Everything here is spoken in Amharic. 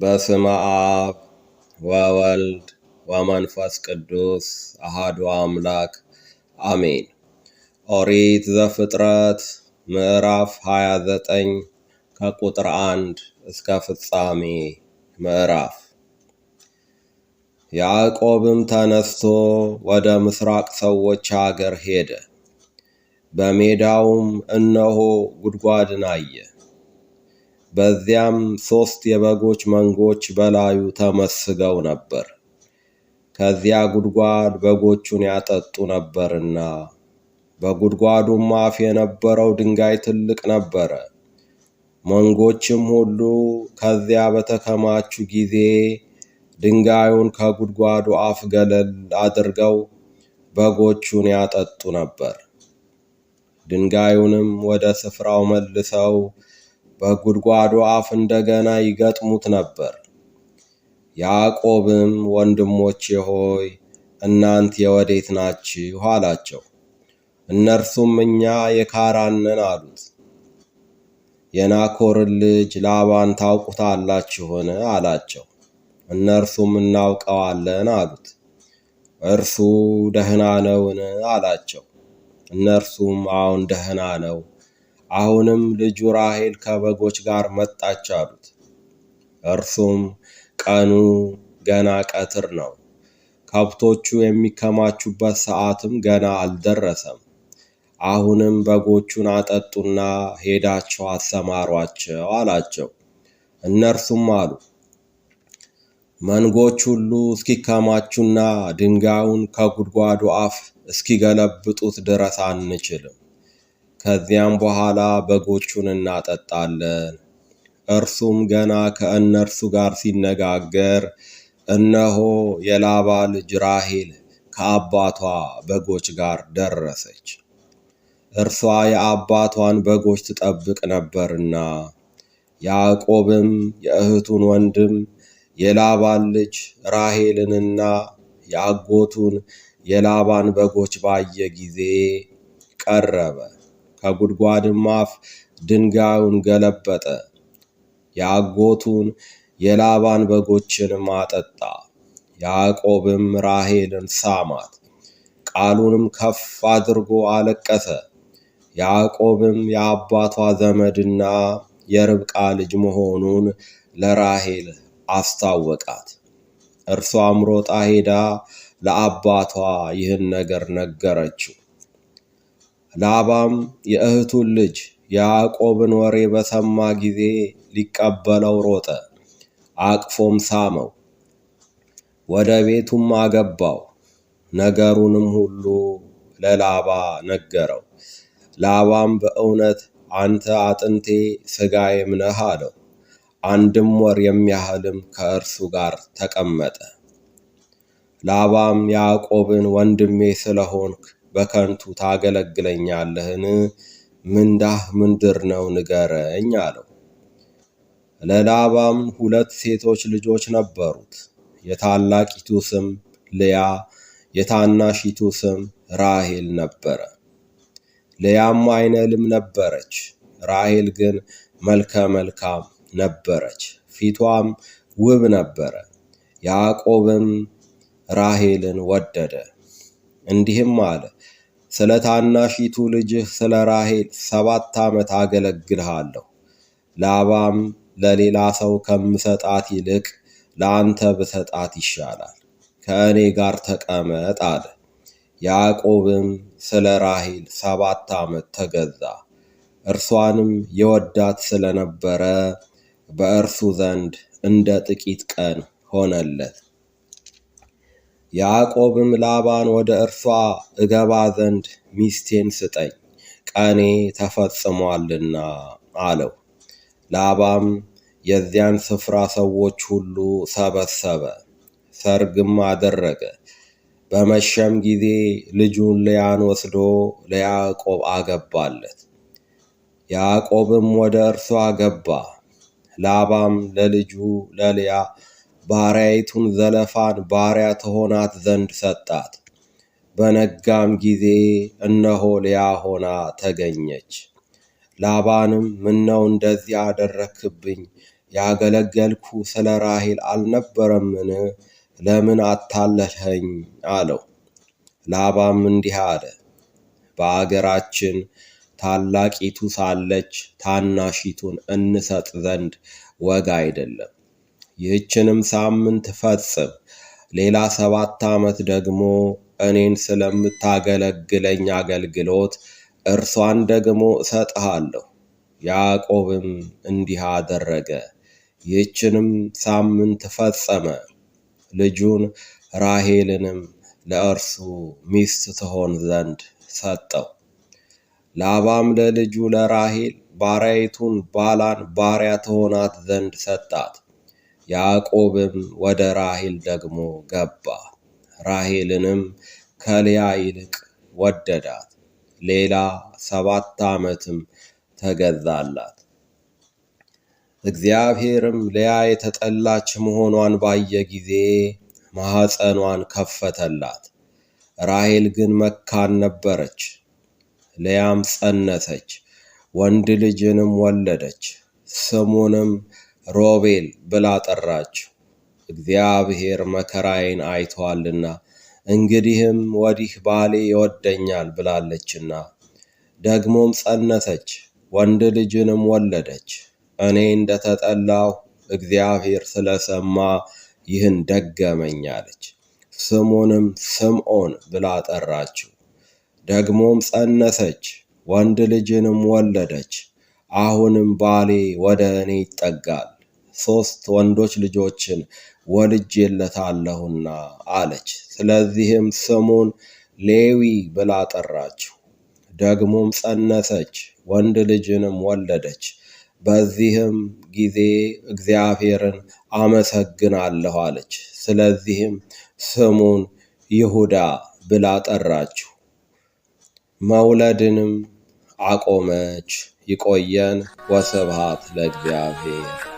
በስመ አብ ወወልድ ወመንፈስ ቅዱስ አሃዱ አምላክ አሜን። ኦሪት ዘፍጥረት ምዕራፍ 29 ከቁጥር 1 እስከ ፍጻሜ ምዕራፍ። ያዕቆብም ተነስቶ ወደ ምስራቅ ሰዎች አገር ሄደ። በሜዳውም እነሆ ጉድጓድን አየ። በዚያም ሦስት የበጎች መንጎች በላዩ ተመስገው ነበር። ከዚያ ጉድጓድ በጎቹን ያጠጡ ነበርና፣ በጉድጓዱም አፍ የነበረው ድንጋይ ትልቅ ነበረ። መንጎችም ሁሉ ከዚያ በተከማቹ ጊዜ ድንጋዩን ከጉድጓዱ አፍ ገለል አድርገው በጎቹን ያጠጡ ነበር። ድንጋዩንም ወደ ስፍራው መልሰው በጉድጓዱ አፍ እንደገና ይገጥሙት ነበር። ያዕቆብም ወንድሞቼ ሆይ እናንት የወዴት ናችሁ አላቸው። እነርሱም እኛ የካራንን አሉት። የናኮርን ልጅ ላባን ታውቁታላችሁን? አላቸው። እነርሱም እናውቀዋለን አሉት። እርሱ ደህና ነውን? አላቸው። እነርሱም አሁን ደህና ነው አሁንም ልጁ ራሔል ከበጎች ጋር መጣች አሉት። እርሱም ቀኑ ገና ቀትር ነው፣ ከብቶቹ የሚከማቹበት ሰዓትም ገና አልደረሰም። አሁንም በጎቹን አጠጡና ሄዳቸው አሰማሯቸው አላቸው። እነርሱም አሉ መንጎች ሁሉ እስኪከማቹና ድንጋዩን ከጉድጓዱ አፍ እስኪገለብጡት ድረስ አንችልም። ከዚያም በኋላ በጎቹን እናጠጣለን። እርሱም ገና ከእነርሱ ጋር ሲነጋገር እነሆ የላባ ልጅ ራሄል ከአባቷ በጎች ጋር ደረሰች። እርሷ የአባቷን በጎች ትጠብቅ ነበርና። ያዕቆብም የእህቱን ወንድም የላባን ልጅ ራሄልንና የአጎቱን የላባን በጎች ባየ ጊዜ ቀረበ። ከጉድጓድም አፍ ድንጋዩን ገለበጠ። የአጎቱን የላባን በጎችንም አጠጣ። ያዕቆብም ራሔልን ሳማት፣ ቃሉንም ከፍ አድርጎ አለቀሰ። ያዕቆብም የአባቷ ዘመድና የርብቃ ልጅ መሆኑን ለራሔል አስታወቃት። እርሷም ሮጣ ሄዳ ለአባቷ ይህን ነገር ነገረችው። ላባም የእህቱን ልጅ ያዕቆብን ወሬ በሰማ ጊዜ ሊቀበለው ሮጠ፣ አቅፎም ሳመው፣ ወደ ቤቱም አገባው። ነገሩንም ሁሉ ለላባ ነገረው። ላባም በእውነት አንተ አጥንቴ ሥጋዬም ነህ አለው። አንድም ወር የሚያህልም ከእርሱ ጋር ተቀመጠ። ላባም ያዕቆብን ወንድሜ ስለሆንክ በከንቱ ታገለግለኛለህን? ምንዳህ ምንድር ነው ንገረኝ አለው። ለላባም ሁለት ሴቶች ልጆች ነበሩት። የታላቂቱ ስም ልያ፣ የታናሺቱ ስም ራሄል ነበረ። ልያም አይነ ልም ነበረች፣ ራሄል ግን መልከ መልካም ነበረች፣ ፊቷም ውብ ነበረ። ያዕቆብም ራሄልን ወደደ። እንዲህም አለ ስለ ታናሺቱ ልጅህ ስለ ራሔል ሰባት ዓመት አገለግልሃለሁ። ላባም ለሌላ ሰው ከምሰጣት ይልቅ ለአንተ ብሰጣት ይሻላል፣ ከእኔ ጋር ተቀመጥ አለ። ያዕቆብም ስለ ራሔል ሰባት ዓመት ተገዛ፣ እርሷንም የወዳት ስለነበረ በእርሱ ዘንድ እንደ ጥቂት ቀን ሆነለት። ያዕቆብም ላባን ወደ እርሷ እገባ ዘንድ ሚስቴን ስጠኝ ቀኔ ተፈጽሟልና አለው። ላባም የዚያን ስፍራ ሰዎች ሁሉ ሰበሰበ፣ ሰርግም አደረገ። በመሸም ጊዜ ልጁን ልያን ወስዶ ለያዕቆብ አገባለት። ያዕቆብም ወደ እርሷ ገባ። ላባም ለልጁ ለልያ ባሪያይቱን ዘለፋን ባሪያ ትሆናት ዘንድ ሰጣት። በነጋም ጊዜ እነሆ ሊያ ሆና ተገኘች። ላባንም ምነው እንደዚህ አደረክብኝ? ያገለገልኩ ስለ ራሄል አልነበረምን? ለምን አታለልኸኝ? አለው። ላባም እንዲህ አለ፣ በአገራችን ታላቂቱ ሳለች ታናሺቱን እንሰጥ ዘንድ ወግ አይደለም። ይህችንም ሳምንት ፈጽም። ሌላ ሰባት ዓመት ደግሞ እኔን ስለምታገለግለኝ አገልግሎት እርሷን ደግሞ እሰጥሃለሁ። ያዕቆብም እንዲህ አደረገ። ይህችንም ሳምንት ፈጸመ። ልጁን ራሄልንም ለእርሱ ሚስት ትሆን ዘንድ ሰጠው። ላባም ለልጁ ለራሄል ባሪያይቱን ባላን ባሪያ ትሆናት ዘንድ ሰጣት። ያዕቆብም ወደ ራሔል ደግሞ ገባ። ራሔልንም ከልያ ይልቅ ወደዳት። ሌላ ሰባት ዓመትም ተገዛላት። እግዚአብሔርም ልያ የተጠላች መሆኗን ባየ ጊዜ ማኅፀኗን ከፈተላት። ራሔል ግን መካን ነበረች። ልያም ጸነሰች፣ ወንድ ልጅንም ወለደች። ስሙንም ሮቤል ብላ ጠራችው፣ እግዚአብሔር መከራዬን አይቷልና እንግዲህም ወዲህ ባሌ ይወደኛል ብላለችና። ደግሞም ጸነሰች፣ ወንድ ልጅንም ወለደች። እኔ እንደተጠላሁ እግዚአብሔር ስለሰማ ይህን ደገመኝ አለች። ስሙንም ስምዖን ብላ ጠራችው። ደግሞም ጸነሰች፣ ወንድ ልጅንም ወለደች። አሁንም ባሌ ወደ እኔ ይጠጋል ሶስት ወንዶች ልጆችን ወልጄለታለሁና አለች። ስለዚህም ስሙን ሌዊ ብላ ጠራችው። ደግሞም ጸነሰች፣ ወንድ ልጅንም ወለደች። በዚህም ጊዜ እግዚአብሔርን አመሰግናለሁ አለች። ስለዚህም ስሙን ይሁዳ ብላ ጠራችው። መውለድንም አቆመች። ይቆየን። ወስብሐት ለእግዚአብሔር።